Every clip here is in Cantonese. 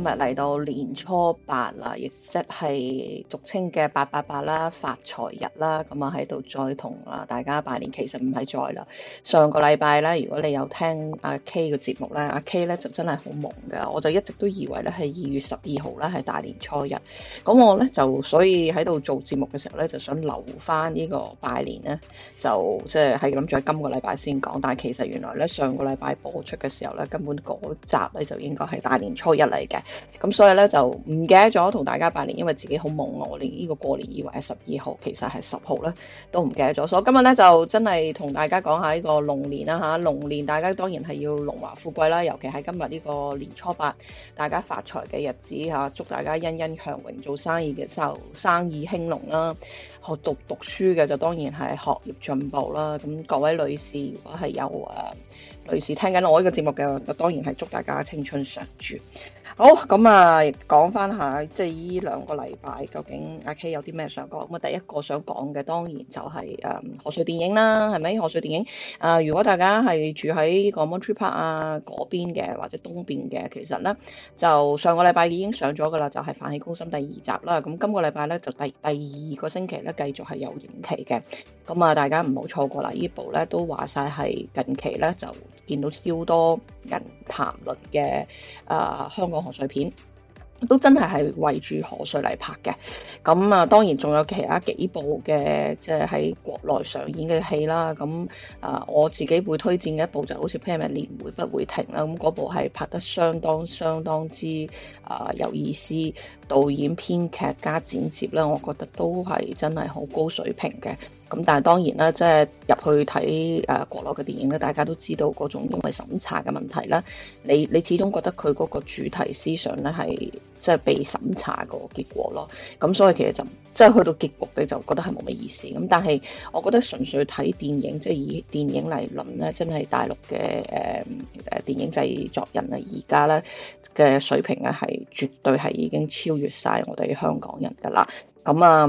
今日嚟到年初八啦，亦即係俗稱嘅八八八啦，發財日啦。咁啊喺度再同啊大家拜年，其實唔係再啦。上個禮拜咧，如果你有聽阿 K 嘅節目咧，阿 K 咧就真係好忙噶。我就一直都以為咧係二月十二號咧係大年初一。咁我咧就所以喺度做節目嘅時候咧，就想留翻呢個拜年咧，就即係係諗住喺今個禮拜先講。但係其實原來咧上個禮拜播出嘅時候咧，根本嗰集咧就應該係大年初一嚟嘅。咁所以咧就唔記得咗同大家拜年，因為自己好忙。我連呢個過年以為係十二號，其實係十號咧，都唔記得咗。所以今日咧就真係同大家講下呢個龍年啦，吓，龍年大家當然係要龍華富貴啦，尤其係今日呢個年初八，大家發財嘅日子吓，祝大家欣欣向榮，做生意嘅時候，生意興隆啦。學讀讀書嘅就當然係學業進步啦。咁各位女士如果係有啊女士聽緊我呢個節目嘅，就當然係祝大家青春常駐。好咁啊，講翻下即係依兩個禮拜，究竟阿 K 有啲咩想講？咁啊，第一個想講嘅當然就係誒賀歲電影啦，係咪賀歲電影？啊、呃，如果大家係住喺 Monterey Park 啊嗰邊嘅，或者東邊嘅，其實咧就上個禮拜已經上咗噶啦，就係、是《飯戲攻心》第二集啦。咁今個禮拜咧就第第二個星期咧，繼續係有影期嘅。咁啊，大家唔好錯過啦！依部咧都話晒係近期咧就見到超多人談論嘅啊、呃，香港，賀歲片都真係係圍住賀歲嚟拍嘅，咁啊當然仲有其他幾部嘅即係喺國內上演嘅戲啦。咁啊我自己會推薦嘅一部就好似《p m 年會不會停》啦，咁嗰部係拍得相當相當之啊、呃、有意思，導演編劇加剪接啦，我覺得都係真係好高水平嘅。咁但係當然啦，即係入去睇誒國內嘅電影咧，大家都知道嗰種因為審查嘅問題啦，你你始終覺得佢嗰個主題思想咧係即係被審查個結果咯，咁所以其實就。即係去到結局，你就覺得係冇咩意思。咁但係，我覺得純粹睇電影，即、就、係、是、以電影嚟論咧，真、就、係、是、大陸嘅誒誒電影製作人啊，而家咧嘅水平咧係絕對係已經超越晒我哋香港人㗎喇。咁、嗯、啊、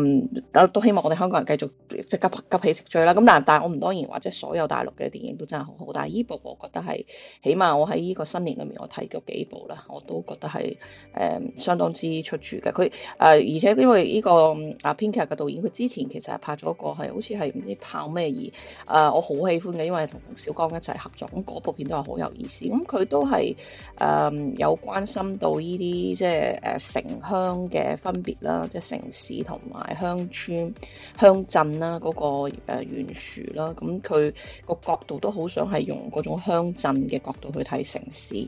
嗯，都希望我哋香港人繼續即係急急起直追啦。咁但但係我唔當然話，即係所有大陸嘅電影都真係好好。但係依部我覺得係，起碼我喺呢個新年裏面我睇咗幾部咧，我都覺得係誒、嗯、相當之出著出處嘅。佢誒、呃、而且因為呢、這個。啊，編劇嘅導演，佢之前其實係拍咗個係好似係唔知拍咩而啊，我好喜歡嘅，因為同小剛一齊合作，咁嗰部片都係好有意思。咁佢都係誒有關心到呢啲即係誒城鄉嘅分別啦，即係城市同埋鄉村、鄉鎮啦嗰個誒懸殊啦。咁佢個角度都好想係用嗰種鄉鎮嘅角度去睇城市。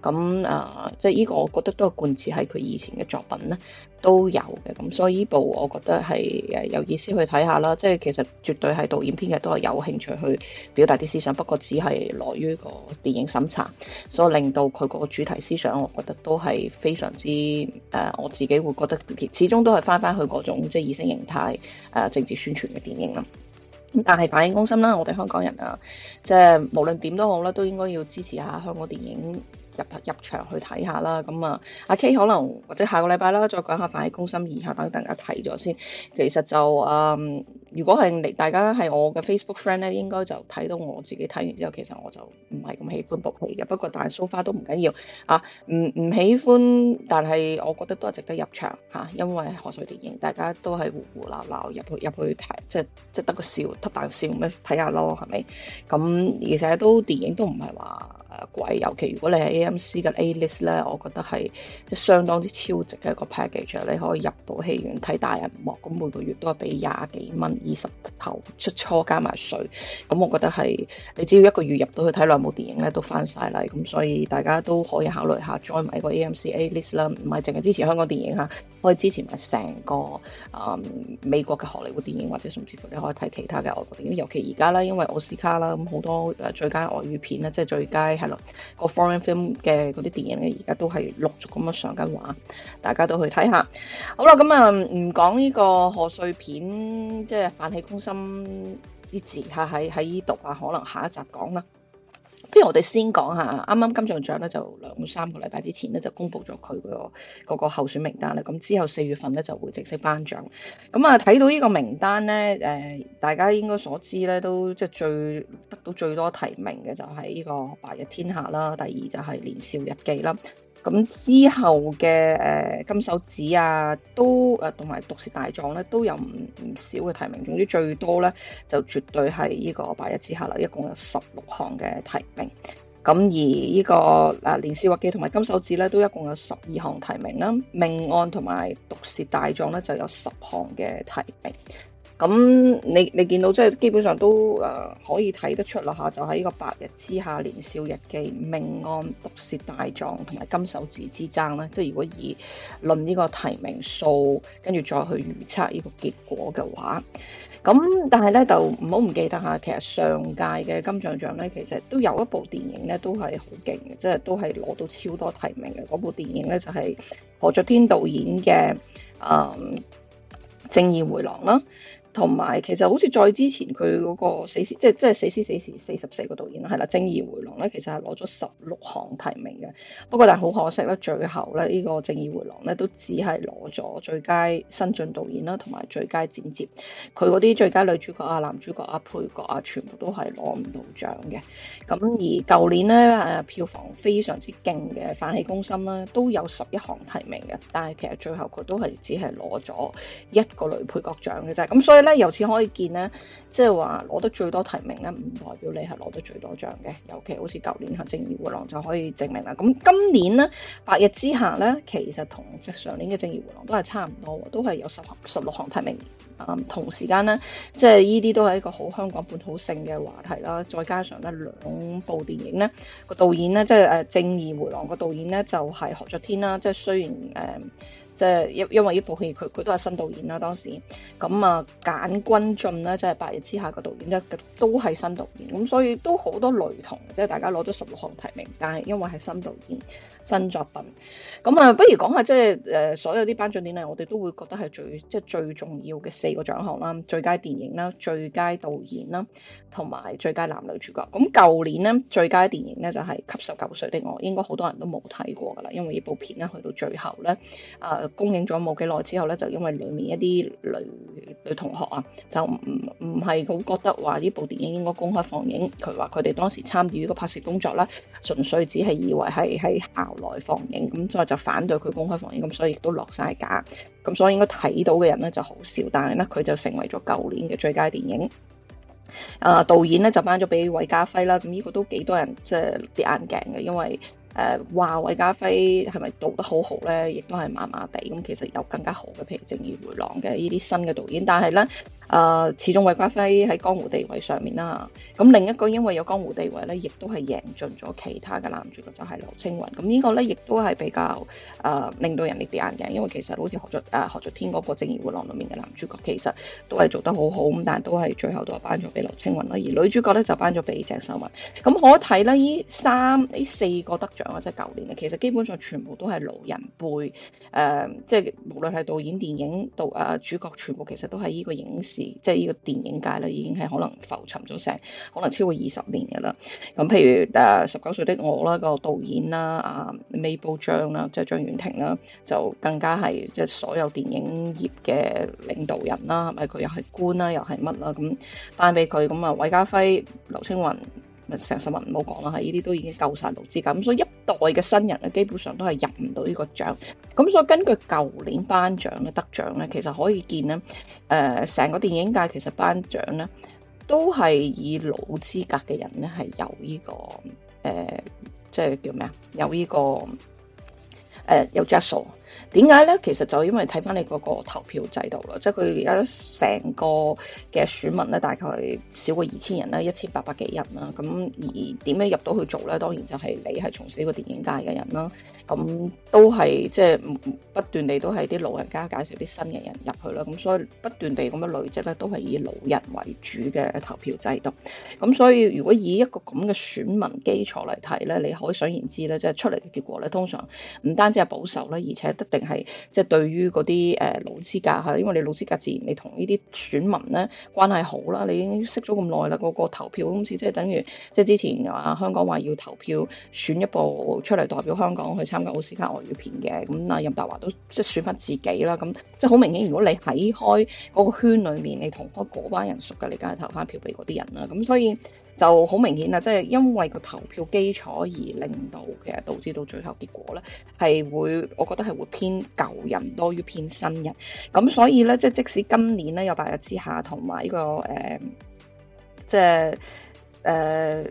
咁啊，即係呢個我覺得都係貫徹喺佢以前嘅作品咧都有嘅。咁所以呢部我我覺得係誒有意思去睇下啦，即係其實絕對係導演編劇都係有興趣去表達啲思想，不過只係來於個電影審查，所以令到佢個主題思想，我覺得都係非常之誒，我自己會覺得始終都係翻翻去嗰種即係意識形態誒政治宣傳嘅電影啦。咁但係飯戲攻心啦，我哋香港人啊，即係無論點都好啦，都應該要支持一下香港電影。入入場去睇下啦，咁啊，阿 K 可能或者下個禮拜啦，再講下飯戲攻心二下，等大家睇咗先。其實就誒、嗯，如果係你大家係我嘅 Facebook friend 咧，應該就睇到我自己睇完之後，其實我就唔係咁喜歡部戲嘅。不過但係 so far 都唔緊要啊，唔唔喜歡，但係我覺得都係值得入場嚇、啊，因為賀歲電影大家都係胡胡鬧鬧入，入去入去睇，即即得個笑，得啖笑咁樣睇下咯，係咪？咁而且都電影都唔係話，誒貴、呃，尤其如果你係 AMC 嘅 A List 咧，我覺得係即係相當之超值嘅一個 package，你可以入到戲院睇大銀幕，咁每個月都係俾廿幾蚊二十頭出初加埋稅，咁我覺得係你只要一個月入到去睇兩部電影咧，都翻晒啦。咁所以大家都可以考慮一下再買個 AMC A List 啦，唔係淨係支持香港電影嚇，可以支持埋成個誒、嗯、美國嘅荷里活電影，或者甚至乎你可以睇其他嘅外國電影。尤其而家咧，因為奧斯卡啦，咁好多誒最佳外語片咧，即係最佳。係咯，個 foreign film 嘅嗰啲電影咧，而家都係陸續咁樣上緊畫，大家都去睇下。好啦，咁啊，唔講呢個賀歲片，即係飯戲攻心啲字吓，喺喺呢度啊，可能下一集講啦。不如我哋先講下，啱啱金像獎咧就兩三個禮拜之前咧就公布咗佢嗰個個候選名單啦。咁之後四月份咧就會正式頒獎。咁啊，睇到呢個名單咧，誒、呃，大家應該所知咧都即係最得到最多提名嘅就係呢個白日之下啦，第二就係年少日記啦。咁之後嘅誒金手指啊，都誒同埋毒舌大狀咧，都有唔唔少嘅提名。總之最多咧，就絕對係呢個白日之下啦，一共有十六項嘅提名。咁而呢、呢個嗱年少日記同埋金手指咧，都一共有十二項提名啦。命案同埋毒舌大狀咧，就有十項嘅提名。咁你你見到即係基本上都誒、呃、可以睇得出啦嚇，就喺呢個白日之下、年少日記、命案、毒舌大狀同埋金手指之爭咧。即係如果以論呢個提名數，跟住再去預測呢個結果嘅話，咁但係咧就唔好唔記得嚇。其實上屆嘅金像獎咧，其實都有一部電影咧，都係好勁嘅，即係都係攞到超多提名嘅。嗰部電影咧就係何爵天導演嘅《誒、嗯、正義回廊》啦。同埋其實好似再之前佢嗰個死屍，即係即係死屍死時四十四個導演啦，係啦，正義迴廊咧，其實係攞咗十六項提名嘅。不過但係好可惜咧，最後咧呢個正義迴廊咧都只係攞咗最佳新晉導演啦，同埋最佳剪接。佢嗰啲最佳女主角啊、男主角啊、配角啊，全部都係攞唔到獎嘅。咁而舊年咧誒票房非常之勁嘅《飯戲攻心》啦，都有十一項提名嘅，但係其實最後佢都係只係攞咗一個女配角獎嘅啫。咁所以，咧由此可以見咧，即係話攞得最多提名咧，唔代表你係攞得最多獎嘅。尤其好似舊年《嘅正義回廊》就可以證明啦。咁今年咧，白日之下咧，其實同上上年嘅《正義回廊》都係差唔多，都係有十十六項提名。嗯，同時間咧，即係呢啲都係一個好香港本土性嘅話題啦。再加上咧，兩部電影咧，個導演咧，即係誒《正義回廊》個導演咧就係、是、何爵天啦。即、就、係、是、雖然誒。嗯即係因因為呢部戲佢佢都係新導演啦，當時咁啊，簡君晉咧即係白日之下個導演咧都係新導演，咁所以都好多雷同，即係大家攞咗十六項提名，但係因為係新導演新作品。咁啊，不如講下即係誒所有啲頒獎典禮，我哋都會覺得係最即係、就是、最重要嘅四個獎項啦，最佳電影啦，最佳導演啦，同埋最佳男女主角。咁舊年咧，最佳電影咧就係、是、《給十九歲的我》，應該好多人都冇睇過噶啦，因為呢部片咧去到最後咧，誒、呃、公映咗冇幾耐之後咧，就因為裏面一啲女女同學啊，就唔唔係好覺得話呢部電影應該公開放映，佢話佢哋當時參與呢個拍攝工作啦，純粹只係以為係喺校內放映，咁再就反對佢公開放映，咁所以亦都落晒架，咁所以應該睇到嘅人咧就好少，但係咧佢就成為咗舊年嘅最佳電影。啊、呃，導演咧就翻咗俾韋家輝啦，咁呢個都幾多人即係跌眼鏡嘅，因為誒話韋家輝係咪導得很好好咧，亦都係麻麻地，咁其實有更加好嘅譬如《正義回廊》嘅呢啲新嘅導演，但係咧。誒、呃、始終韋家輝喺江湖地位上面啦，咁另一個因為有江湖地位咧，亦都係贏盡咗其他嘅男主角就係、是、劉青雲，咁呢個咧亦都係比較誒、呃、令到人哋跌眼鏡，因為其實好似何作誒何作天嗰個《正義迴廊》裏面嘅男主角，其實都係做得很好好咁，但都係最後都係頒咗俾劉青雲啦。而女主角咧就頒咗俾鄭秀文。咁我睇咧呢三呢四個得獎啊，即係舊年嘅，其實基本上全部都係老人輩誒，即、呃、係、就是、無論係導演、電影、導誒、呃、主角，全部其實都係呢個影視。即係呢個電影界咧，已經係可能浮沉咗成可能超過二十年嘅啦。咁譬如誒十九歲的我啦、個導演啦，阿 Mabel Zhang 啦，即係張婉婷啦，就更加係即係所有電影業嘅領導人啦，係咪佢又係官啦，又係乜啦咁帶俾佢咁啊？韋家輝、劉青雲。成十萬唔好講啦，係依啲都已經夠晒老資格，咁所以一代嘅新人咧，基本上都係入唔到呢個獎。咁所以根據舊年頒獎咧得獎咧，其實可以見咧，誒、呃、成個電影界其實頒獎咧都係以老資格嘅人咧係有呢、這個誒、呃，即係叫咩啊？有呢、這個誒、呃、有質素點解呢？其實就因為睇翻你嗰個投票制度啦，即係佢而家成個嘅選民咧，大概少過二千人啦，一千八百幾人啦。咁而點樣入到去做呢？當然就係你係從事呢個電影界嘅人啦。咁都係即係不斷地都係啲老人家介紹啲新嘅人入去啦。咁所以不斷地咁樣累積呢，都係以老人為主嘅投票制度。咁所以如果以一個咁嘅選民基礎嚟睇呢，你可想而知呢，即係出嚟嘅結果呢，通常唔單止係保守咧，而且。一定係即對於嗰啲、呃、老資格，因為你老資格自然你同呢啲選民咧關係好啦，你已經識咗咁耐啦，個、嗰個投票公司，即係等於即係之前香港話要投票選一部出嚟代表香港去參加奧斯卡外語片嘅，咁啊任達華都即係選翻自己啦，咁即係好明顯，如果你喺開嗰個圈裏面，你同開嗰班人熟嘅，你梗係投翻票俾嗰啲人啦，咁所以。就好明顯啦，即係因為個投票基礎而令到其實導致到最後的結果咧，係會我覺得係會偏舊人多於偏新人。咁所以咧，即係即使今年咧有白日之下同埋呢個誒、呃，即係誒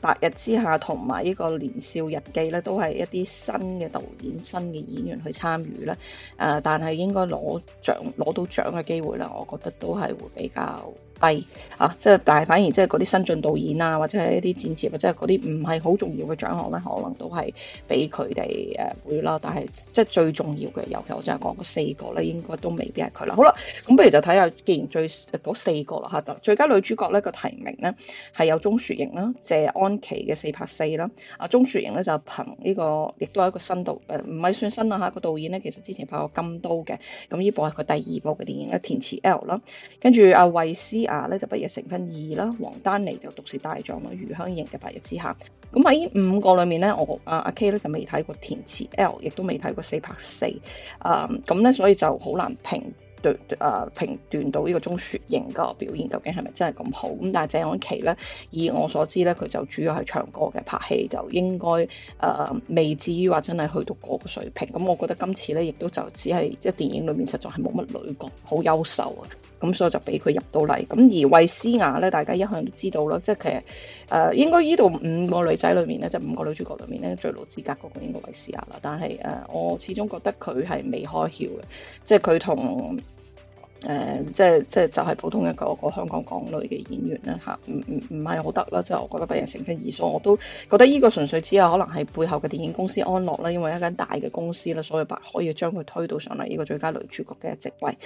白日之下同埋呢個年少日記咧，都係一啲新嘅導演、新嘅演員去參與咧。誒、呃，但係應該攞獎攞到獎嘅機會咧，我覺得都係會比較。低嚇，即係、啊、但係反而即係嗰啲新晉導演啊，或者係一啲剪接或者係嗰啲唔係好重要嘅獎項咧，可能都係俾佢哋誒會啦。但係即係最重要嘅，尤其我真係講嗰四個咧，應該都未必係佢啦。好啦，咁不如就睇下，既然最嗰、啊、四個啦嚇，最佳女主角咧個提名咧係有鍾雪瑩啦、謝安琪嘅《四拍四》啦、阿鍾雪瑩咧就憑呢、這個亦都係一個新導誒，唔、呃、係算新啦嚇，個導演咧其實之前拍過《金刀》嘅，咁呢部係佢第二部嘅電影咧，《填詞 L、啊》啦，跟住阿維斯。啊！咧就畢業成分二啦，黃丹妮就獨士大將咯，余香盈嘅白日之下。咁喺五個裏面咧，我阿阿 K 咧就未睇過填詞 L，亦都未睇過四拍四。啊，咁咧、嗯、所以就好難評斷啊，評斷、呃、到呢個鍾雪瑩個表現究竟係咪真係咁好。咁但係鄭安琪咧，以我所知咧，佢就主要係唱歌嘅，拍戲就應該誒、呃、未至於話真係去到嗰個水平。咁我覺得今次咧，亦都就只係即電影裏面，實在係冇乜女角，好優秀啊！咁所以就俾佢入到嚟。咁而衛詩雅咧，大家一向都知道啦，即係其實誒、呃，應該呢度五個女仔裏面咧，就五個女主角裏面咧，最老資格嘅應該係衛詩雅啦。但係誒、呃，我始終覺得佢係未開竅嘅，即係佢同誒，即係即係就係普通一個香港港女嘅演員啦吓，唔唔唔係好得啦。即係我覺得俾人成身二所，我都覺得呢個純粹只有可能係背後嘅電影公司安樂啦，因為一間大嘅公司啦，所以把可以將佢推到上嚟呢個最佳女主角嘅職位。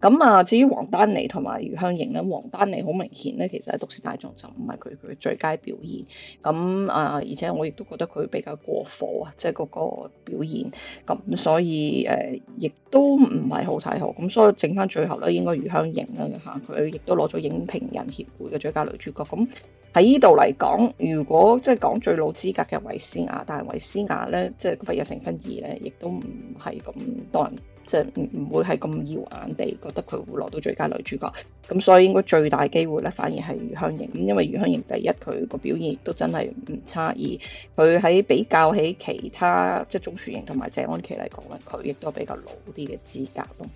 咁啊，至於王丹妮同埋余香凝咧，王丹妮好明顯咧，其實喺《毒舌大狀》就唔係佢佢最佳表現。咁啊，而且我亦都覺得佢比較過火啊，即係嗰個表現。咁所以誒，亦、呃、都唔係好睇好。咁所以剩返最後咧，應該余香凝啦嚇，佢亦都攞咗影評人協會嘅最佳女主角。咁喺呢度嚟講，如果即係講最老資格嘅衛詩雅，但係衛詩雅咧，即係佢有成婚二咧，亦都唔係咁多人，即係唔唔會係咁耀眼地覺得佢會攞到最佳女主角。咁所以應該最大機會咧，反而係余香凝。咁因為余香凝第一，佢個表現亦都真係唔差，二佢喺比較起其他即係鍾雪瑩同埋謝安琪嚟講咧，佢亦都比較老啲嘅資格咯。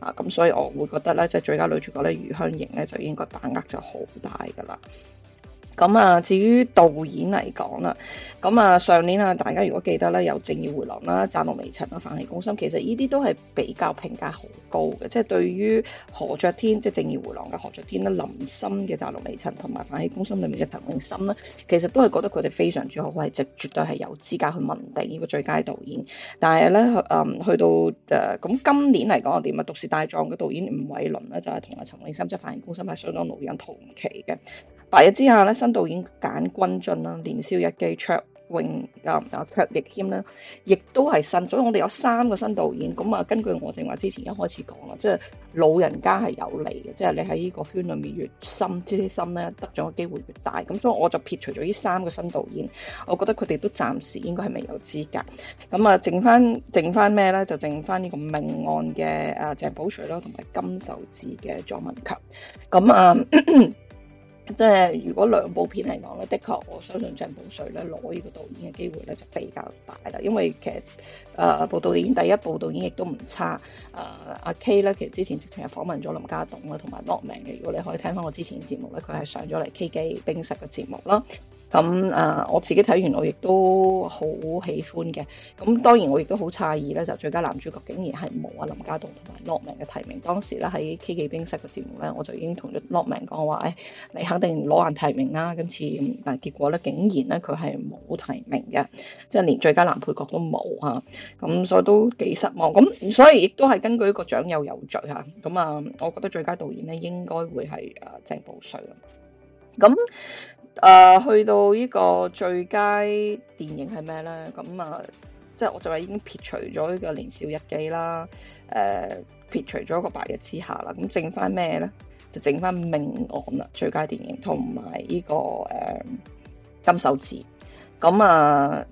啊，咁所以我會覺得咧，即係最佳女主角咧，余香凝咧就應該把握就好大噶啦。咁啊、嗯，至於導演嚟講啦，咁、嗯、啊上年啊，大家如果記得咧，有《正義回廊》啦，《窄路微塵》啊，《飯戲攻心》，其實呢啲都係比較評價好高嘅，即、就、係、是、對於何爵天即係《就是、正義回廊》嘅何爵天啦，林森嘅《窄路微塵》同埋《飯戲攻心》裏面嘅陳詠燊啦，其實都係覺得佢哋非常之好，係即係絕對係有資格去問定呢個最佳導演。但係咧，誒、嗯、去到誒咁、呃、今年嚟講，我點啊？《毒舌大狀》嘅導演吳煒倫咧，就係同阿陳詠燊即係《飯戲攻心》係相當老人同期嘅。白日之下咧，新導演簡君進啦，年少日記卓永啊啊，卓亦謙咧，亦都係新。所以，我哋有三個新導演。咁啊，根據我正話之前一開始講啦，即係老人家係有利嘅，即係你喺呢個圈裏面越深，即啲心咧，得獎嘅機會越大。咁所以我就撇除咗呢三個新導演，我覺得佢哋都暫時應該係未有資格。咁啊，剩翻剩翻咩咧？就剩翻呢個命案嘅啊鄭保瑞啦，同埋金手指嘅莊文強。咁啊～咳咳即係如果兩部片嚟講咧，的確我相信鄭保瑞咧攞呢個導演嘅機會咧就比較大啦，因為其實誒、呃、部導演第一部導演亦都唔差，誒、呃、阿 K 咧其實之前直情係訪問咗林家棟啦，同埋羅明嘅，如果你可以聽翻我之前嘅節目咧，佢係上咗嚟 K 記冰室嘅節目啦。咁啊，我自己睇完我亦都好喜歡嘅。咁當然我亦都好詫異咧，就最佳男主角竟然係冇啊林家棟同埋 Lockman 嘅提名。當時咧喺 K 記冰室嘅節目咧，我就已經同咗 Lockman 講話，你肯定攞完提名啦。今次但結果咧，竟然咧佢係冇提名嘅，即係連最佳男配角都冇啊。咁所以都幾失望。咁所以亦都係根據呢個獎有有序。嚇。咁啊，我覺得最佳導演咧應該會係啊鄭保瑞咁誒、呃、去到呢個最佳電影係咩咧？咁啊，即係我就話已經撇除咗呢個《年少日記》啦、呃，誒撇除咗一個《白日之下》啦，咁剩翻咩咧？就剩翻命案啦，最佳電影同埋呢個誒、呃、金手指。咁啊，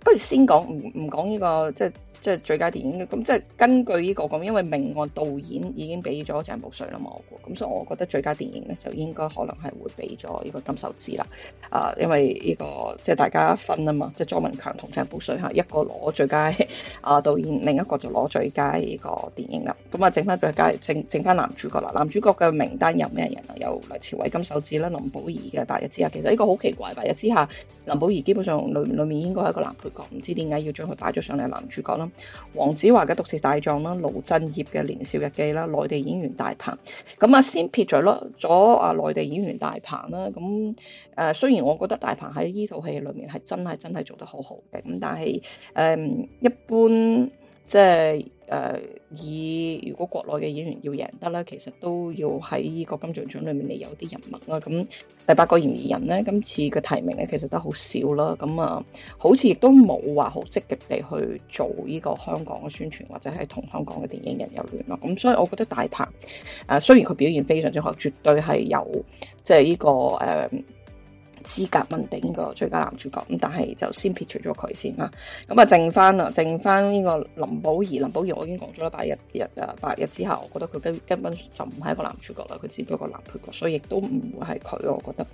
不如先講唔唔講呢個即係。即係最佳電影嘅，咁即係根據呢個咁，因為命案導演已經俾咗鄭保瑞啦嘛，咁所以我覺得最佳電影咧就應該可能係會俾咗呢個金手指啦。啊，因為呢個即係大家分啊嘛，即係莊文強同鄭保瑞係一個攞最佳啊導演，另一個就攞最佳呢個電影啦。咁啊，整翻最佳，整整翻男主角啦。男主角嘅名單有咩人啊？有梁朝偉、金手指啦、林保怡嘅《白日之下》。其實呢個好奇怪，《白日之下》林保怡基本上裏面，裏面應該係一個男配角，唔知點解要將佢擺咗上嚟男主角啦。黃子華嘅《毒舌大狀》啦，盧鎮業嘅《年少日記》啦，內地演員大鵬，咁啊先撇除咗啊內地演員大鵬啦，咁誒、呃、雖然我覺得大鵬喺呢套戲裏面係真係真係做得好好嘅，咁但係誒、呃、一般即係。就是誒，以如果國內嘅演員要贏得咧，其實都要喺呢個金像獎裏面嚟有啲人物啦。咁第八個嫌疑人咧，今次嘅提名咧，其實都好少啦。咁啊，好似亦都冇話好積極地去做呢個香港嘅宣傳，或者係同香港嘅電影人有聯絡。咁所以，我覺得大鵬誒，雖然佢表現非常之好，絕對係有即係呢個誒。嗯資格問鼎呢個最佳男主角咁，但係就先撇除咗佢先啦。咁啊，剩翻啊，剩翻呢個林保怡。林保怡我已經講咗啦，八日日啊，八日之後，我覺得佢根根本就唔係一個男主角啦，佢只不過男配角，所以亦都唔會係佢。我覺得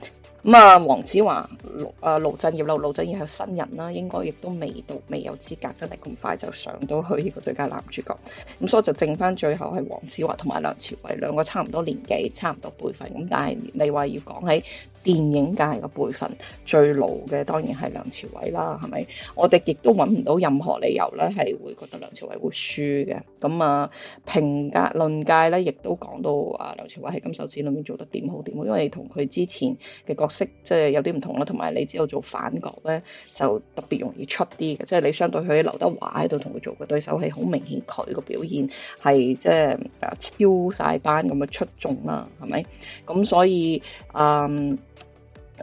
咁啊，黃、嗯、子華、盧啊、盧振業啦，盧振業係新人啦，應該亦都未到，未有資格，真係咁快就上到去呢個最佳男主角。咁所以就剩翻最後係黃子華同埋梁朝偉兩個差唔多年紀，差唔多輩份。咁但係你話要講起。電影界嘅輩份最老嘅當然係梁朝偉啦，係咪？我哋亦都揾唔到任何理由呢係會覺得梁朝偉會輸嘅。咁啊，評價論界呢亦都講到啊，梁朝偉喺金手指裏面做得點好點好，因為同佢之前嘅角色即係有啲唔同啦。同埋你知道做反角呢，就特別容易出啲嘅，即係你相對佢喺劉德華喺度同佢做嘅對手係好明顯，佢個表現係即係超大班咁嘅出眾啦，係咪？咁所以嗯。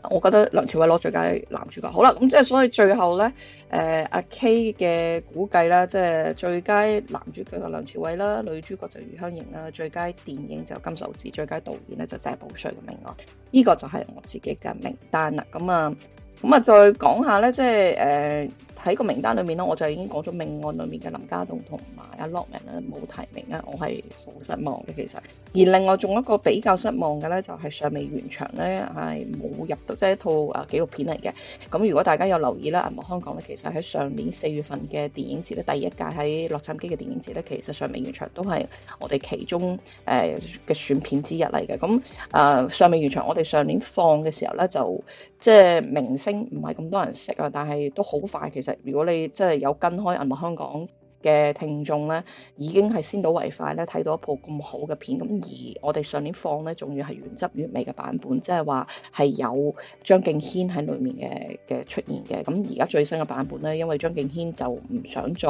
我覺得梁朝偉攞最佳男主角。好啦，咁即係所以最後咧，誒、呃、阿 K 嘅估計啦，即、就、係、是、最佳男主角就梁朝偉啦，女主角就余香凝啦，最佳電影就金手指，最佳導演咧就鄭、是、保瑞嘅名額。呢、這個就係我自己嘅名單啦，咁啊，咁啊再講下咧，即係誒。呃喺個名單裏面咧，我就已經講咗命案裏面嘅林家棟同埋阿 Lockman 咧，冇提名啊，我係好失望嘅其實。而另外仲有一個比較失望嘅咧，就係《尚未完場》咧，係冇入到，即係一套誒紀錄片嚟嘅。咁如果大家有留意啦，啊無香港咧，其實喺上年四月份嘅電影節咧，第一屆喺洛杉磯嘅電影節咧，其實《尚未完場》都係我哋其中誒嘅選片之一嚟嘅。咁誒《尚未完場》，我哋上年放嘅時候咧，就即係明星唔係咁多人識啊，但係都好快其實。如果你真係有跟開銀幕香港。嘅聽眾咧已經係先睹為快咧，睇到一部咁好嘅片。咁而我哋上年放咧，仲要係原汁原味嘅版本，即係話係有張敬軒喺裏面嘅嘅出現嘅。咁而家最新嘅版本咧，因為張敬軒就唔想再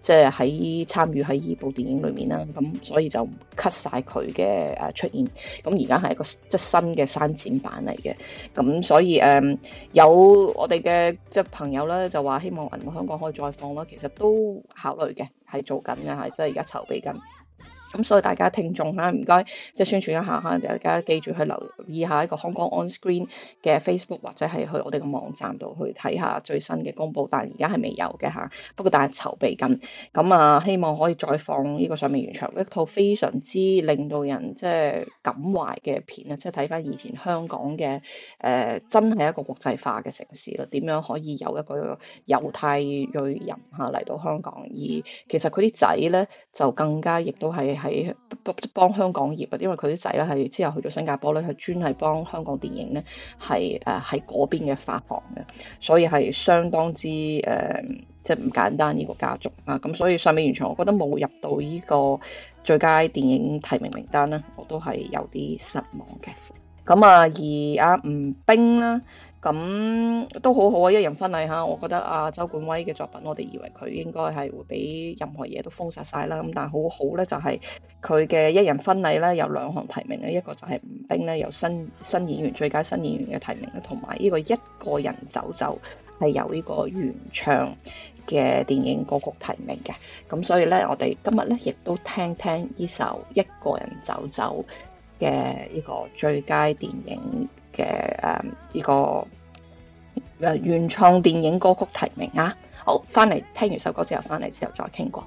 即係喺參與喺呢部電影裏面啦，咁所以就 cut 曬佢嘅誒出現。咁而家係一個即係新嘅刪剪版嚟嘅。咁所以誒、嗯、有我哋嘅即係朋友咧就話希望銀幕香港可以再放啦。其實都考慮。佢嘅係做緊嘅，係即係而家籌備緊。咁、嗯、所以大家聽眾嚇唔該，即係宣傳一下吓，大家記住去留意下一個香港 on screen 嘅 Facebook 或者係去我哋嘅網站度去睇下最新嘅公布，但係而家係未有嘅吓，不過但係籌備緊，咁、嗯、啊希望可以再放呢個上面原場一套非常之令到人即係感懷嘅片啊，即係睇翻以前香港嘅誒、呃、真係一個國際化嘅城市咯，點樣可以有一個猶太裔人吓嚟到香港，而其實佢啲仔咧就更加亦都係。喺幫香港業，因為佢啲仔咧係之後去咗新加坡咧，係專係幫香港電影咧係誒喺嗰邊嘅發行嘅，所以係相當之誒即係唔簡單呢個家族啊！咁所以上面完全我覺得冇入到呢個最佳電影提名名單咧，我都係有啲失望嘅。咁啊，而阿吳冰啦。咁都好好啊！一人婚禮嚇，我覺得啊，周冠威嘅作品，我哋以為佢應該係會俾任何嘢都封殺晒啦。咁但係好好咧，就係佢嘅一人婚禮咧有兩項提名咧，一個就係吳冰咧有新新演員最佳新演員嘅提名，同埋呢個一個人走走係有呢個原唱嘅電影歌曲提名嘅。咁所以咧，我哋今日咧亦都聽聽呢首一個人走走嘅呢個最佳電影。嘅誒，呢個誒原創電影歌曲提名啊，好，翻嚟聽完首歌之後，翻嚟之後再傾過。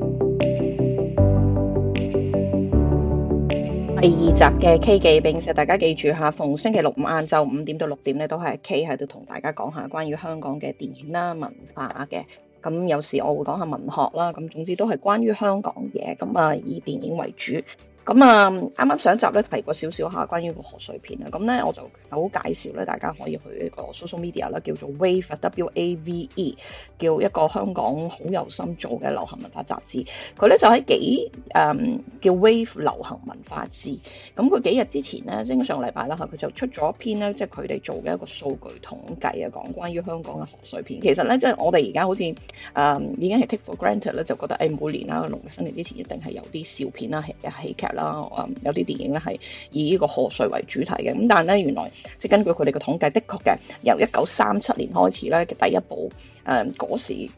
第二集嘅 K 記冰室，大家記住下，逢星期六晏晝五點到六點都係 K 喺度同大家講下關於香港嘅電影啦、文化嘅。咁有時我會講下文學啦，咁總之都係關於香港嘢。咁啊，以電影為主。咁啊，啱啱、嗯、上集咧提過少少下關於個賀歲片啊，咁咧我就好介紹咧，大家可以去一個 social media 啦，叫做 Wave W A V E，叫一個香港好有心做嘅流行文化雜誌，佢咧就喺幾、嗯、叫 Wave 流行文化誌，咁佢幾日之前咧，應該上個禮拜啦吓，佢就出咗一篇咧，即係佢哋做嘅一個數據統計啊，講關於香港嘅賀歲片，其實咧即係我哋而家好似誒、嗯、已經係 take for granted 咧，就覺得誒每年啦農曆新年之前一定係有啲笑片啦，係喜劇。啦、嗯，有啲電影咧係以呢個賀歲為主題嘅，咁但係咧原來即係根據佢哋嘅統計，的確嘅，由一九三七年開始咧，第一部，誒嗰時。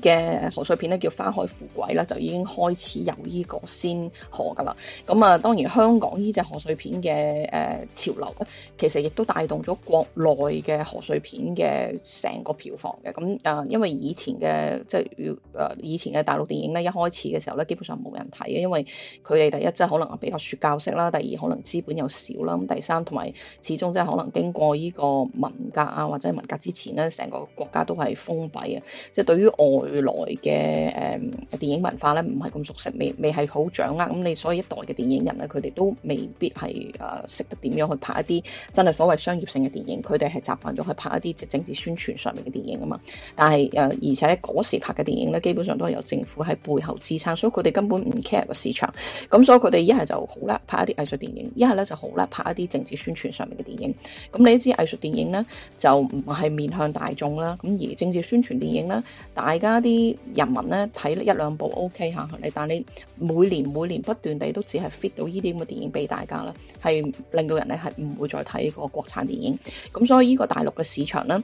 嘅賀歲片咧叫《花開富貴》啦，就已經開始有呢個先河噶啦。咁啊，當然香港呢隻賀歲片嘅誒、呃、潮流咧，其實亦都帶動咗國內嘅賀歲片嘅成個票房嘅。咁誒、啊，因為以前嘅即係要、呃、以前嘅大陸電影咧，一開始嘅時候咧，基本上冇人睇嘅，因為佢哋第一即係可能比較説教式啦，第二可能資本又少啦，咁第三同埋始終即係可能經過呢個文革啊或者係文革之前咧，成個國家都係封閉啊，即係對於我。未來嘅誒、嗯、電影文化咧，唔係咁熟悉，未未係好掌握。咁、嗯、你所以一代嘅電影人咧，佢哋都未必係誒識得點樣去拍一啲真係所謂商業性嘅電影。佢哋係習慣咗去拍一啲政治宣傳上面嘅電影啊嘛。但係誒、呃，而且嗰時拍嘅電影咧，基本上都係由政府喺背後支撐，所以佢哋根本唔 care 個市場。咁所以佢哋一係就好啦，拍一啲藝術電影；一係咧就好啦，拍一啲政治宣傳上面嘅電影。咁你知藝術電影咧就唔係面向大眾啦，咁而政治宣傳電影咧大家。而家啲人民咧睇一兩部 O K 嚇，你但你每年每年不斷地都只係 fit 到呢啲咁嘅電影俾大家啦，係令到人咧係唔會再睇個國產電影。咁所以呢個大陸嘅市場咧。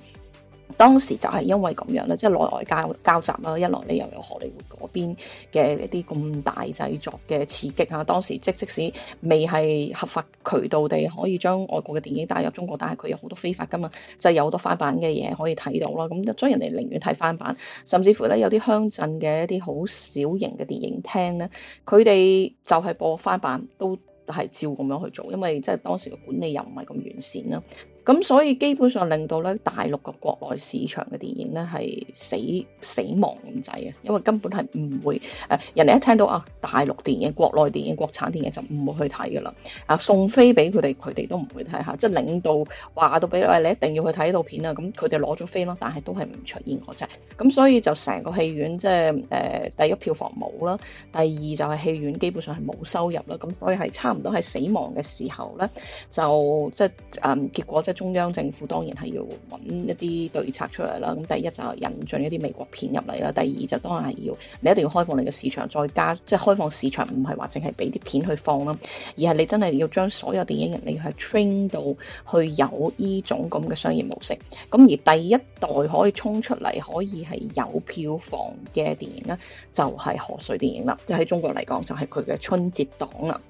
當時就係因為咁樣咧，即係內外交交集啦。一來你又有荷里活嗰邊嘅一啲咁大製作嘅刺激啊，當時即即使未係合法渠道地可以將外國嘅電影帶入中國，但係佢有好多非法㗎嘛，就係有好多翻版嘅嘢可以睇到啦。咁所以人哋寧願睇翻版，甚至乎咧有啲鄉鎮嘅一啲好小型嘅電影廳咧，佢哋就係播翻版都係照咁樣去做，因為即係當時嘅管理又唔係咁完善啦。咁所以基本上令到咧大陸嘅國內市場嘅電影咧，係死死亡咁滯啊，因為根本係唔會誒、呃、人哋一聽到啊大陸電影、國內電影、國產電影就唔會去睇噶啦啊，送飛俾佢哋，佢哋都唔會睇下，即係領導話到俾你、哎，你一定要去睇呢套片啊，咁佢哋攞咗飛咯，但係都係唔出現嗰啫，咁所以就成個戲院即係誒第一票房冇啦，第二就係戲院基本上係冇收入啦，咁所以係差唔多係死亡嘅時候咧，就即係誒結果即係。中央政府當然係要揾一啲對策出嚟啦。咁第一就引進一啲美國片入嚟啦。第二就當然係要你一定要開放你嘅市場，再加即係開放市場，唔係話淨係俾啲片去放啦，而係你真係要將所有電影人你要 train 到去有呢種咁嘅商業模式。咁而第一代可以衝出嚟可以係有票房嘅電影呢，就係、是、河水電影啦。即喺中國嚟講，就係佢嘅春節檔啦。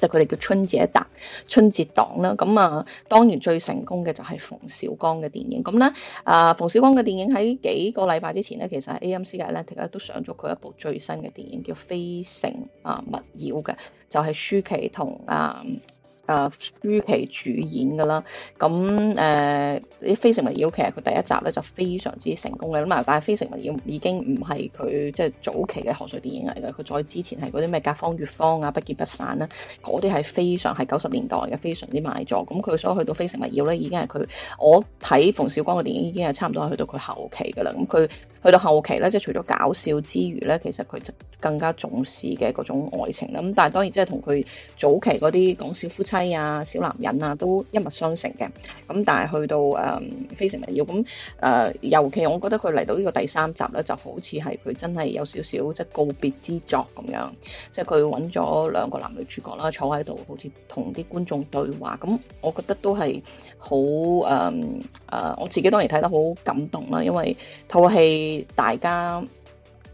就佢哋叫春節一彈、春節檔啦，咁啊當然最成功嘅就係馮小剛嘅電影，咁咧啊、呃、馮小剛嘅電影喺幾個禮拜之前咧，其實喺 AMC 嘅 Netflix 都上咗佢一部最新嘅電影叫《非誠》啊《勿擾》嘅，就係、是、舒淇同啊。嗯啊，舒淇主演嘅啦，咁誒啲《非誠勿擾》其實佢第一集咧就非常之成功嘅啦，但係《非誠勿擾》已經唔係佢即係早期嘅賀歲電影嚟嘅，佢再之前係嗰啲咩《甲方乙方》啊、《不見不散》啦，嗰啲係非常係九十年代嘅非常之賣座，咁佢所以去到《非誠勿擾》咧已經係佢我睇馮小剛嘅電影已經係差唔多去到佢後期㗎啦，咁佢。去到後期咧，即係除咗搞笑之餘咧，其實佢就更加重視嘅嗰種愛情啦。咁但係當然即係同佢早期嗰啲講小夫妻啊、小男人啊都一脈相承嘅。咁但係去到誒、嗯、非常勿謠咁誒，尤其我覺得佢嚟到呢個第三集咧，就好似係佢真係有少少即係告別之作咁樣。即係佢揾咗兩個男女主角啦，坐喺度，好似同啲觀眾對話。咁我覺得都係。好誒誒，我自己當然睇得好感動啦，因為套戲大家，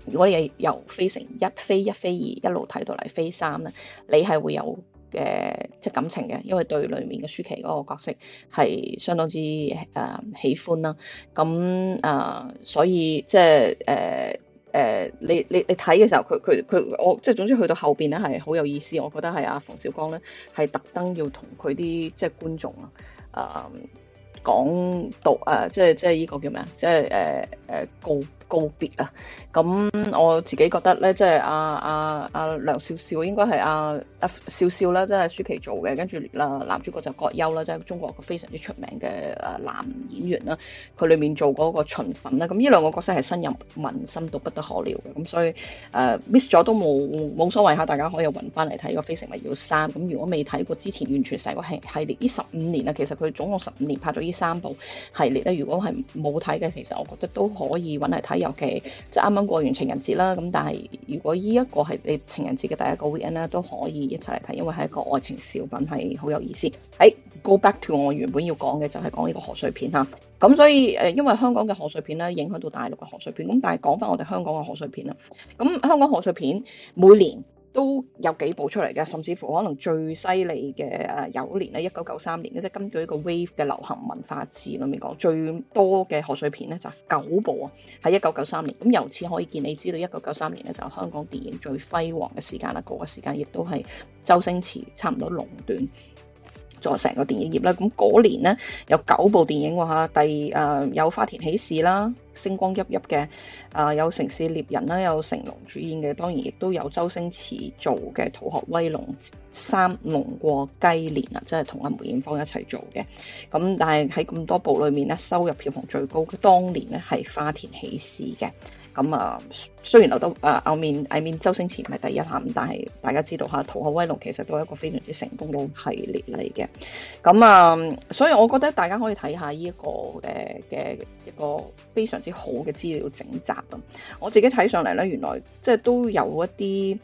如果你由飛成一、飛一飛二一路睇到嚟飛三咧，你係會有、呃、即係感情嘅，因為對裏面嘅舒淇嗰個角色係相當之誒、呃、喜歡啦。咁誒、呃，所以即係誒誒，你你你睇嘅時候，佢佢佢，我即係總之去到後邊咧，係好有意思。我覺得係阿、啊、馮小剛咧，係特登要同佢啲即係觀眾啊。啊，講讀、um, 啊，即係即係呢個叫咩啊？即係誒誒高。告.告別啊！咁我自己覺得咧，即係阿阿阿梁少少應該係阿阿少少啦，即係舒淇做嘅，跟住啦男主角就葛優啦，即係中國一個非常之出名嘅誒男演員啦。佢裏面做嗰個秦奮啦，咁呢兩個角色係深入民心到不得可料嘅。咁所以誒 miss 咗都冇冇所謂嚇，大家可以揾翻嚟睇個《非誠勿擾》三。咁如果未睇過之前，完全成個係系，系列呢十五年啦，其實佢總共十五年拍咗呢三部系列咧。如果係冇睇嘅，其實我覺得都可以揾嚟睇。尤其即係啱啱過完情人節啦，咁但係如果呢一個係你情人節嘅第一個 weekend 咧，都可以一齊嚟睇，因為係一個愛情小品，係好有意思。喺、哎、go back to 我原本要講嘅就係講呢個賀歲片吓，咁所以誒、呃、因為香港嘅賀歲片咧影響到大陸嘅賀歲片，咁但係講翻我哋香港嘅賀歲片啦，咁香港賀歲片每年都有幾部出嚟嘅，甚至乎可能最犀利嘅誒，有年咧，一九九三年嘅，即係根據呢個 wave 嘅流行文化誌裏面講，最多嘅賀歲片咧就係九部啊，喺一九九三年。咁由此可以見，你知道一九九三年咧就係香港電影最輝煌嘅時間啦，嗰個時間亦都係周星馳差唔多壟斷咗成個電影業啦。咁嗰年咧有九部電影喎嚇，第二有花田喜事啦。星光熠熠嘅，啊有城市獵人啦，有成龍主演嘅，當然亦都有周星馳做嘅《逃學威龍三龍過雞年》啊，即係同阿梅艷芳一齊做嘅。咁但係喺咁多部裏面咧，收入票房最高嘅，當年咧係《花田喜事》嘅。咁啊，雖然劉德誒，I mean, I mean，周星馳唔係第一啊，但係大家知道吓《逃學威龍》其實都係一個非常之成功嘅系列嚟嘅。咁啊，所以我覺得大家可以睇下呢一個誒嘅一個非常。好嘅資料整集，我自己睇上嚟呢，原來即係都有一啲。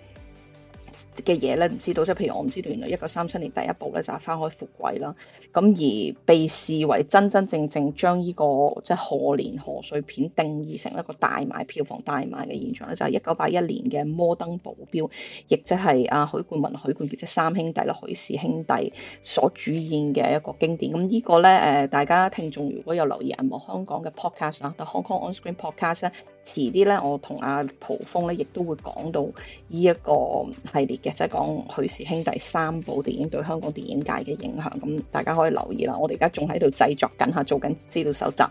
嘅嘢咧唔知道，即係譬如我唔知道，原來一九三七年第一部咧就係、是、翻開《富貴》啦，咁而被視為真真正正將呢、這個即係、就是、賀年賀歲片定義成一個大賣票房大賣嘅現象咧，就係一九八一年嘅《摩登保鏢》，亦即係阿許冠文、許冠傑即係三兄弟啦，許氏兄弟所主演嘅一個經典。咁呢個咧誒，大家聽眾如果有留意啊，無香港嘅 Pod podcast 啦 the Hong Kong Onscreen Podcast。遲啲咧，我同阿蒲峰咧，亦都會講到呢一個系列嘅，即係講許氏兄弟三部電影對香港電影界嘅影響。咁大家可以留意啦，我哋而家仲喺度製作緊下，做緊資料搜集。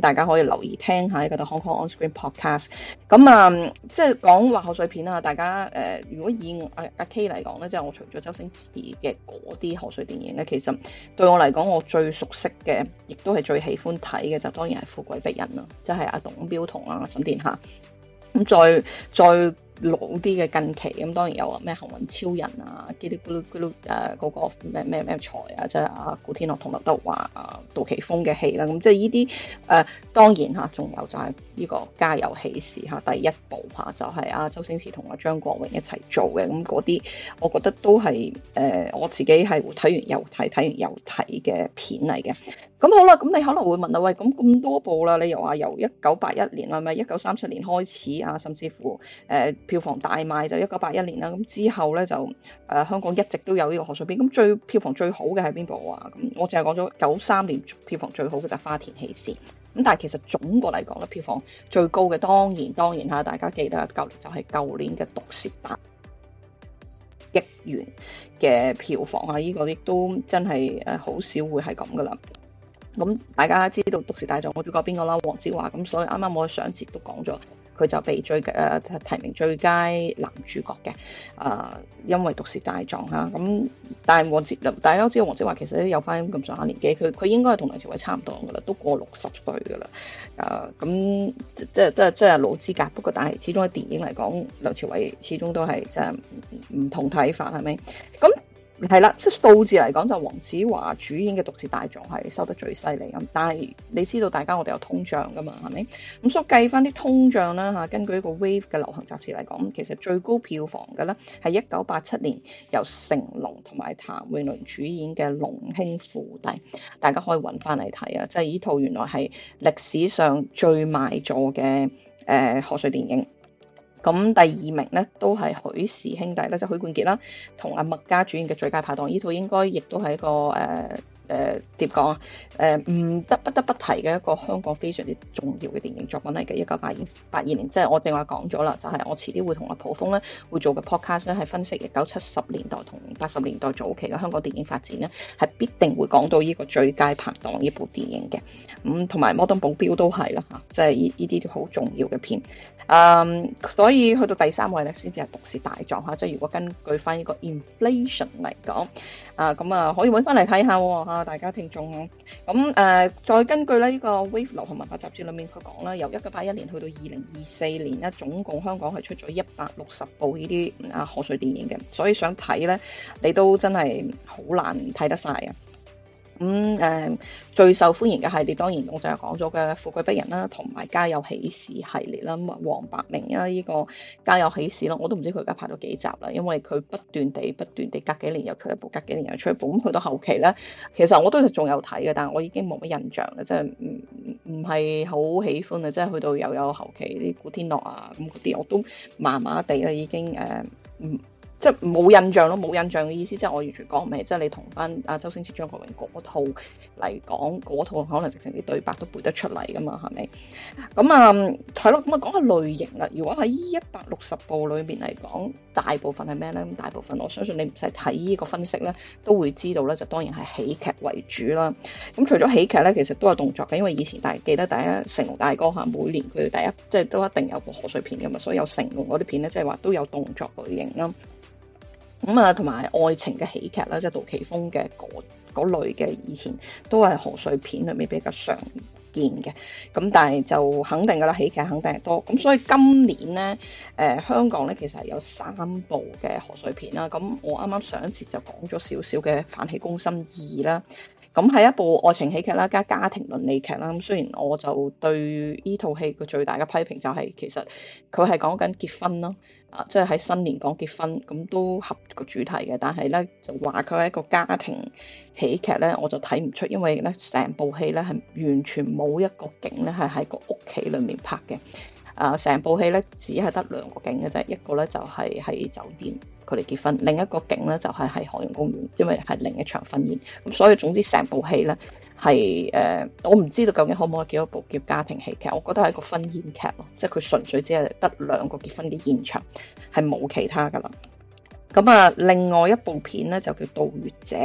大家可以留意聽下，呢個 Hong Kong On Screen Podcast。咁啊，即係講話賀歲片啊，大家誒，如果以阿阿 K 嚟講咧，即係我除咗周星馳嘅嗰啲賀歲電影咧，其實對我嚟講，我最熟悉嘅，亦都係最喜歡睇嘅，就當然係《富貴逼人》啦，即係阿董驃同阿沈殿霞。咁再再老啲嘅近期，咁當然有咩《行運超人啊グルグル》啊，嘰里咕嚕咕嚕誒嗰個咩咩咩財啊，即係阿古天樂同劉德華、阿、啊、杜琪峰嘅戲啦、啊。咁即係呢啲誒，當然嚇、啊，仲有就係呢個加油、啊《家有喜事》嚇第一部嚇、啊，就係、是、阿、啊、周星馳同阿張國榮一齊做嘅。咁嗰啲，我覺得都係誒、啊、我自己係睇完又睇，睇完又睇嘅片嚟嘅。咁好啦，咁你可能會問啊，喂，咁咁多部啦，你又話由一九八一年啦，咪一九三七年開始啊，甚至乎誒、呃、票房大賣就一九八一年啦，咁之後咧就誒、呃、香港一直都有呢個賀歲片。咁最票房最好嘅係邊部啊？咁我淨係講咗九三年票房最好嘅就係花田喜事。咁但係其實總個嚟講咧，票房最高嘅當然當然嚇大家記得舊年就係舊年嘅毒舌八億元嘅票房啊！呢、這個亦都真係誒好少會係咁噶啦。咁、嗯、大家知道《毒舌大狀》男主角邊個啦？黃子華咁，所以啱啱我上節都講咗，佢就被最誒、呃、提名最佳男主角嘅。啊、呃，因為大《毒舌大狀》咁但係黃子，大家都知道黃子華其實有翻咁上下年紀，佢佢應該係同梁朝偉差唔多噶啦，都過六十歲噶啦。誒、呃，咁、嗯、即係即係即係老資格，不過但係始終喺電影嚟講，梁朝偉始終都係即係唔同睇法，係咪？咁、嗯。係啦，即係數字嚟講就黃子華主演嘅《毒舌大狀》係收得最犀利咁，但係你知道大家我哋有通脹㗎嘛，係咪？咁所以計翻啲通脹啦嚇，根據一個 Wave 嘅流行雜誌嚟講，其實最高票房嘅咧係一九八七年由成龍同埋譚詠麟主演嘅《龍兄虎弟》，大家可以揾翻嚟睇啊！即係呢套原來係歷史上最賣座嘅誒、呃、賀歲電影。咁第二名呢都係許氏兄弟就即係許冠傑啦，同阿麥家主演嘅《最佳拍檔》依套應該亦都係一個、呃誒點講啊？誒、呃、唔得不得不提嘅一個香港非常之重要嘅電影作品嚟嘅，一九八二八二年，即係我哋話講咗啦，就係、是、我遲啲會同阿普風咧，會做嘅 podcast 咧，係分析一九七十年代同八十年代早期嘅香港電影發展咧，係必定會講到呢個最佳拍檔呢部電影嘅。咁同埋摩登保鏢都係啦，嚇，即係呢依啲好重要嘅片。誒、嗯，所以去到第三位咧，先至係毒舌大狀嚇。即係如果根據翻呢個 inflation 嚟講。啊，咁啊可以揾翻嚟睇下喎，大家聽眾咁、啊啊，再根據呢個《WAVE 流行文化雜誌》裏面佢講，由一九八一年去到二零二四年，總共香港係出咗一百六十部呢啲啊賀歲電影嘅，所以想睇，你都真係好難睇得曬。咁誒、嗯、最受歡迎嘅系列當然我就係講咗嘅《富貴逼人》啦，同埋《家有喜事》系列啦。咁黃百鳴啊呢個《家有喜事》咯，我都唔知佢而家拍咗幾集啦，因為佢不斷地不斷地隔幾年又出一部，隔幾年又出一部。咁去到後期咧，其實我都仲有睇嘅，但係我已經冇乜印象啦，即係唔唔係好喜歡啊，即係去到又有，有後期啲古天樂啊咁嗰啲，我都麻麻地啦，已經誒嗯。即係冇印象咯，冇印象嘅意思，即係我完全講唔明。即係你同翻阿周星馳、張國榮嗰套嚟講，嗰套可能直情啲對白都背得出嚟噶嘛，係咪？咁啊，係、嗯、咯。咁啊，講下類型啦。如果喺呢一百六十部裏面嚟講，大部分係咩咧？咁大部分我相信你唔使睇呢個分析咧，都會知道咧，就當然係喜劇為主啦。咁除咗喜劇咧，其實都有動作嘅，因為以前大記得大家成龍大哥吓，每年佢第一即係都一定有一個賀歲片噶嘛，所以有成龍嗰啲片咧，即係話都有動作類型啦。咁啊，同埋愛情嘅喜劇啦，即係杜琪峯嘅嗰類嘅，以前都係賀歲片裏面比較常見嘅。咁但係就肯定噶啦，喜劇肯定係多。咁所以今年呢，誒香港呢其實有三部嘅賀歲片啦。咁我啱啱上一次就講咗少少嘅《飯戲攻心2》啦。咁係一部愛情喜劇啦，加家庭倫理劇啦。咁雖然我就對呢套戲個最大嘅批評就係，其實佢係講緊結婚咯。「即係喺新年講結婚，咁都合個主題嘅。但係呢，就話佢係一個家庭喜劇呢，我就睇唔出，因為呢成部戲呢，係完全冇一個景呢係喺個屋企裏面拍嘅。啊！成部戲咧，只係得兩個景嘅啫，一個咧就係、是、喺酒店佢哋結婚，另一個景咧就係喺海洋公園，因為係另一場婚宴。咁所以總之成部戲咧係誒，我唔知道究竟可唔可以叫一部叫家庭喜劇，我覺得係一個婚宴劇咯，即係佢純粹只係得兩個結婚嘅現場，係冇其他噶啦。咁啊，另外一部片咧就叫《盜月者》。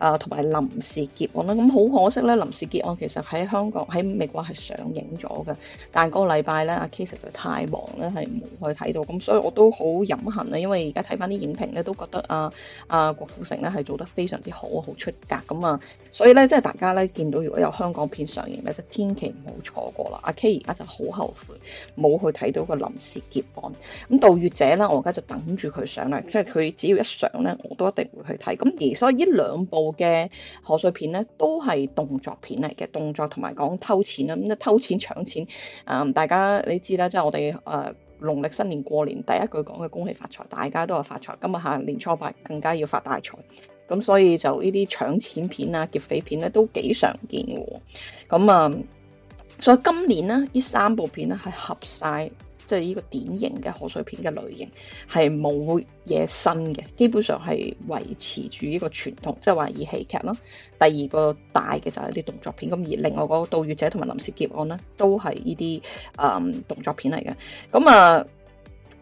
啊，同埋《臨時劫案》啦。咁好可惜咧，《臨時劫案》其實喺香港、喺美國係上映咗嘅，但係嗰個禮拜咧，阿 K 實在太忙咧，係冇去睇到，咁所以我都好飲恨咧，因為而家睇翻啲影評咧，都覺得啊啊郭富城咧係做得非常之好，好出格咁啊，所以咧即係大家咧見到如果有香港片上映咧，就千祈唔好錯過啦！阿 K 而家就好後悔冇去睇到個《臨時劫案》，咁《盜月者》咧，我而家就等住佢上嚟，即係佢只要一上咧，我都一定會去睇，咁而所以呢兩部。嘅賀歲片咧，都係動作片嚟嘅，動作同埋講偷錢啦，咁偷錢搶錢，啊、嗯，大家你知啦，即係我哋誒，呃、農曆新年過年第一句講嘅恭喜發財，大家都話發財，今日下年初八更加要發大財，咁所以就呢啲搶錢片啊、劫匪片咧都幾常見嘅，咁、嗯、啊，所以今年呢，呢三部片咧係合晒。即係呢個典型嘅賀歲片嘅類型，係冇嘢新嘅，基本上係維持住呢個傳統，即係話以喜劇啦。第二個大嘅就係啲動作片，咁而另外嗰個盜月者同埋臨時劫案咧，都係呢啲誒動作片嚟嘅。咁啊，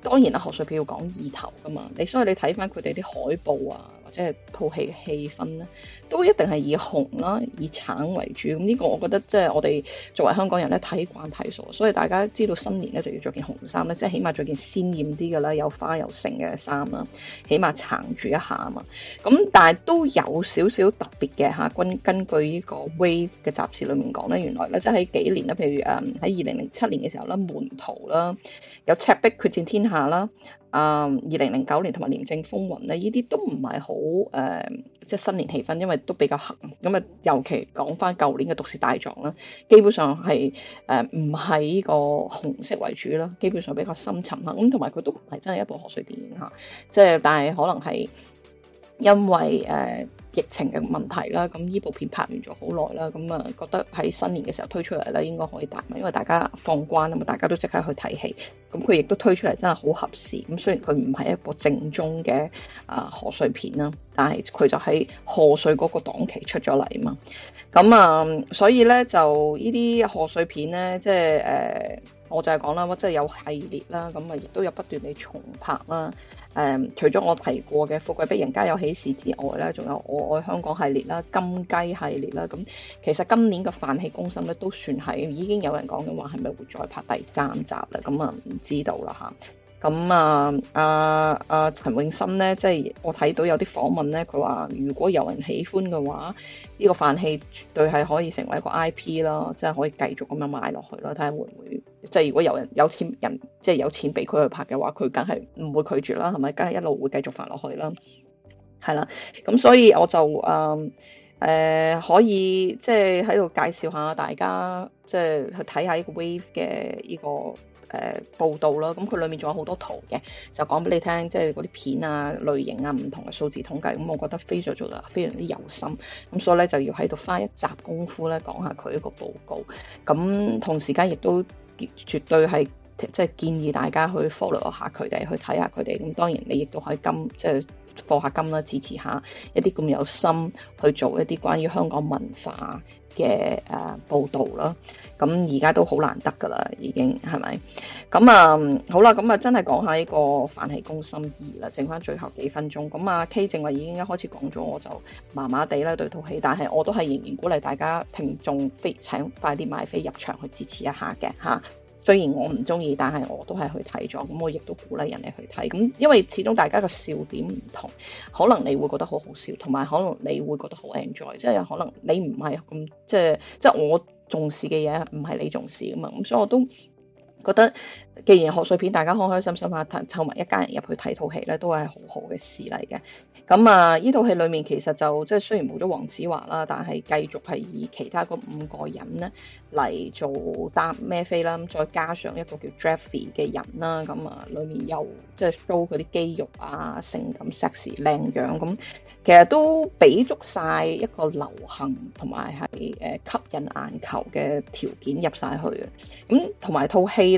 當然啦，賀歲片要講意頭㗎嘛，你所以你睇返佢哋啲海報啊。即係套戲嘅氣氛咧，都一定係以紅啦、以橙為主。咁呢個我覺得即係我哋作為香港人咧睇慣睇傻，所以大家知道新年咧就要着件紅衫咧，即係起碼着件鮮艷啲嘅啦，有花有剩嘅衫啦，起碼撐住一下啊嘛。咁但係都有少少特別嘅嚇，均根據呢個 Wave 嘅雜誌裏面講咧，原來咧即係喺幾年咧，譬如誒喺二零零七年嘅時候咧，門徒啦，有赤壁決戰天下啦。啊！二零零九年同埋廉政風雲咧，依啲都唔係好誒，即係新年氣氛，因為都比較黑。咁啊，尤其講翻舊年嘅毒舌大狀啦，基本上係誒唔係依個紅色為主啦，基本上是比較深沉啦。咁同埋佢都唔係真係一部賀歲電影嚇，即係，但係可能係因為誒。呃疫情嘅問題啦，咁呢部片拍完咗好耐啦，咁啊覺得喺新年嘅時候推出嚟咧，應該可以大，因為大家放關啊嘛，大家都即刻去睇戲，咁佢亦都推出嚟真係好合時。咁雖然佢唔係一部正宗嘅啊賀歲片啦，但係佢就喺賀歲嗰個檔期出咗嚟嘛，咁啊，所以咧就這些賀歲片呢啲賀歲片咧，即係誒。呃我就係講啦，我真係有系列啦，咁啊亦都有不斷地重拍啦。誒、嗯，除咗我提過嘅《富貴逼人家有喜事》之外咧，仲有我愛香港系列啦、金雞系列啦。咁、嗯、其實今年嘅飯戲攻心咧，都算係已經有人講嘅話，係咪會再拍第三集咧？咁啊唔知道啦嚇。咁啊，阿阿陳詠謙咧，即係我睇到有啲訪問咧，佢話如果有人喜歡嘅話，呢個飯戲絕對係可以成為一個 IP 啦，即係可以繼續咁樣賣落去咯。睇下會唔會，即係如果有人有錢人，即係有錢俾佢去拍嘅話，佢梗係唔會拒絕啦，係咪？梗係一路會繼續發落去啦。係啦，咁所以我就誒誒、嗯呃、可以即係喺度介紹一下大家，即係去睇下呢個 wave 嘅呢個。誒、呃、報道囉，咁佢裏面仲有好多圖嘅，就講俾你聽，即係嗰啲片啊、類型啊、唔同嘅數字統計，咁、嗯、我覺得非常做得非常之有心，咁、嗯、所以咧就要喺度花一集功夫咧講下佢一個報告，咁、嗯、同時間亦都絕對係即係建議大家去 follow 下佢哋，去睇下佢哋，咁、嗯、當然你亦都可以金即係課下金啦，支持下一啲咁有心去做一啲關於香港文化。嘅誒報道啦，咁而家都好難得噶啦，已經係咪？咁啊、嗯、好啦，咁啊真係講下呢個飯戲攻心二啦，剩翻最後幾分鐘，咁啊 K 正話已經一開始講咗，我就麻麻地啦對套戲，但係我都係仍然鼓勵大家聽眾飛請快啲買飛入場去支持一下嘅嚇。雖然我唔中意，但係我都係去睇咗，咁我亦都鼓勵人哋去睇，咁因為始終大家嘅笑點唔同，可能你會覺得好好笑，同埋可能你會覺得好 enjoy，即係可能你唔係咁即係即係我重視嘅嘢，唔係你重視㗎嘛，咁所以我都，覺得既然賀歲片，大家開開心心，發趁湊埋一家人入去睇套戲咧，都係好好嘅事嚟嘅。咁啊，呢套戲裡面其實就即係雖然冇咗黃子華啦，但係繼續係以其他嗰五個人咧嚟做擔咩飛啦，再加上一個叫 Jeffrey 嘅人啦，咁啊，裡面又即係 show 佢啲肌肉啊、性感、sexy、靚樣咁，其實都俾足曬一個流行同埋係誒吸引眼球嘅條件入曬去嘅。咁同埋套戲。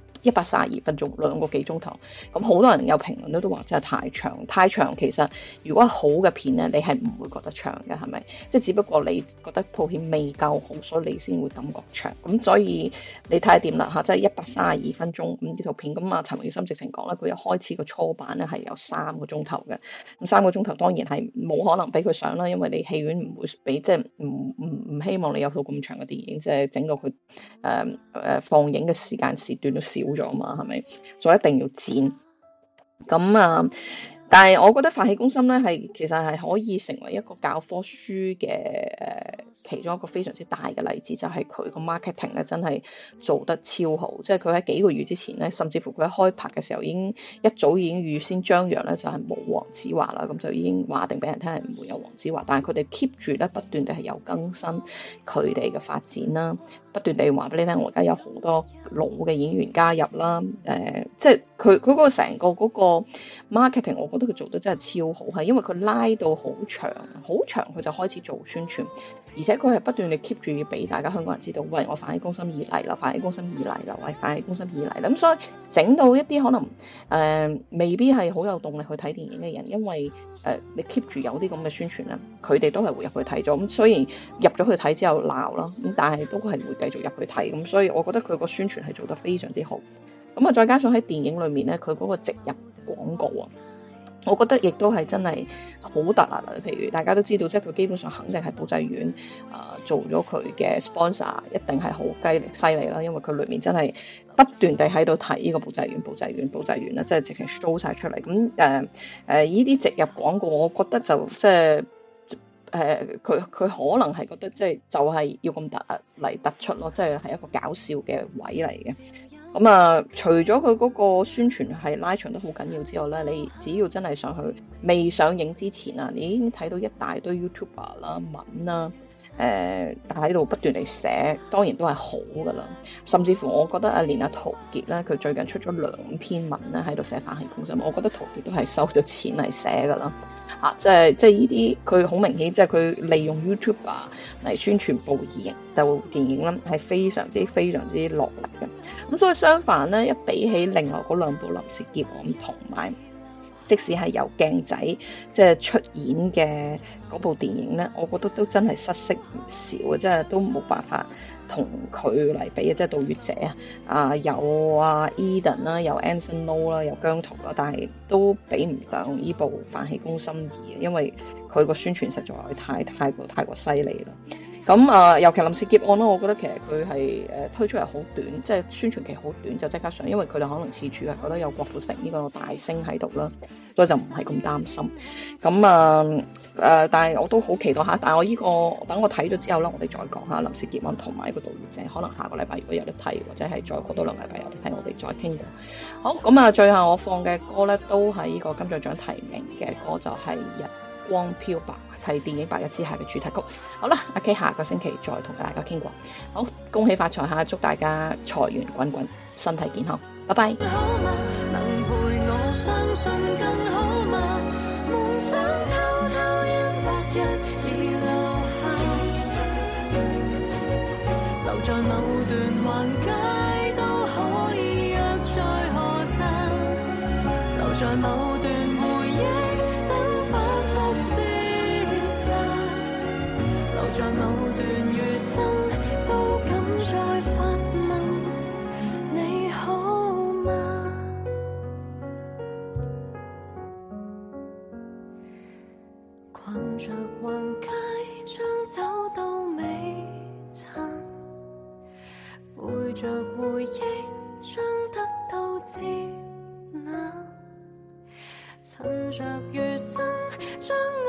一百三十二分鐘兩個幾鐘頭，咁好多人有評論咧都話真係太長，太長。其實如果好嘅片咧，你係唔會覺得長嘅，係咪？即係只不過你覺得套片未夠好，所以你先會感覺長。咁所以你太掂啦吓，即係一百三十二分鐘咁呢套片。咁啊陳詠燊直情講啦，佢一開始個初版咧係有三個鐘頭嘅。咁三個鐘頭當然係冇可能俾佢上啦，因為你戲院唔會俾，即係唔唔唔希望你有套咁長嘅電影，即係整到佢誒誒放映嘅時間時段都少。好咗嘛？係咪？所以一定要剪。咁啊。但係，我覺得《飯戲攻心》咧係其實係可以成為一個教科書嘅，誒、其中一個非常之大嘅例子，就係佢個 marketing 咧真係做得超好。即係佢喺幾個月之前咧，甚至乎佢一開拍嘅時候已經一早已經預先張揚咧，就係、是、冇黃子華啦。咁就已經話定俾人聽係唔會有黃子華。但係佢哋 keep 住咧不斷地係有更新佢哋嘅發展啦，不斷地話俾你聽，我而家有好多老嘅演員加入啦。誒、呃，即係佢佢個成個嗰個 marketing，我覺得佢做得真係超好，係因為佢拉到好長，好長佢就開始做宣傳，而且佢係不斷地 keep 住要俾大家香港人知道，喂，我飯戲攻心2嚟啦，飯戲攻心2嚟啦，喂，飯戲攻心2嚟啦，咁、嗯、所以整到一啲可能誒、呃，未必係好有動力去睇電影嘅人，因為誒、呃，你 keep 住有啲咁嘅宣傳咧，佢哋都係會入去睇咗，咁雖然入咗去睇之後鬧啦，咁但係都係會繼續入去睇，咁、嗯、所以我覺得佢個宣傳係做得非常之好，咁、嗯、啊，再加上喺電影裏面咧，佢嗰個植入廣告啊。我覺得亦都係真係好突啊！譬如大家都知道，即係佢基本上肯定係保濟丸啊、呃、做咗佢嘅 sponsor，一定係好犀利啦！因為佢裏面真係不斷地喺度提呢個保濟丸、保濟丸、保濟丸，啦，即係、呃呃、直情 show 晒出嚟。咁誒誒，依啲植入廣告，我覺得就即係誒佢佢可能係覺得即係就係要咁突嚟突出咯，即係係一個搞笑嘅位嚟嘅。咁啊，除咗佢嗰個宣傳係拉長得好緊要之外咧，你只要真係上去未上映之前啊，你已經睇到一大堆 YouTuber 啦文啦，誒、啊，但喺度不斷嚟寫，當然都係好噶啦。甚至乎，我覺得阿連阿陶傑咧，佢最近出咗兩篇文咧，喺度寫飯戲攻心，我覺得陶傑都係收咗錢嚟寫噶啦。啊！即係即係呢啲，佢好明顯，即係佢利用 YouTube 啊嚟宣傳部二部電影啦，係非常之非常之落力嘅。咁所以相反咧，一比起另外嗰兩部《臨時劫案》同埋，即使係由鏡仔即係出演嘅嗰部電影咧，我覺得都真係失色唔少啊！真係都冇辦法。同佢嚟比、就是、月啊，即係盜月者啊，啊有啊、e、Edan 啦，有 Anson Lo 啦，有姜濤啦，但係都比唔上呢部《飯戲攻心2》啊，因為佢個宣傳實在太太過太過犀利啦。咁啊，尤其臨時劫案啦，我覺得其實佢係誒推出嚟好短，即係宣傳期好短就即刻上，因為佢哋可能次主係覺得有郭富城呢個大星喺度啦，所以就唔係咁擔心。咁啊。誒、呃，但係我都好期待下。但我呢、呢個等我睇咗之後咧，我哋再講下臨時劫案同埋呢個導演者。可能下個禮拜如果有得睇，或者係再過多兩禮拜有得睇，我哋再傾過。好，咁啊，最後我放嘅歌咧，都係呢個金像獎提名嘅歌，就係、是《日光漂白》，係電影《白日之下》嘅主題曲。好啦，阿 K，下個星期再同大家傾過。好，恭喜發財吓，祝大家財源滾滾，身體健康，拜拜。若餘生。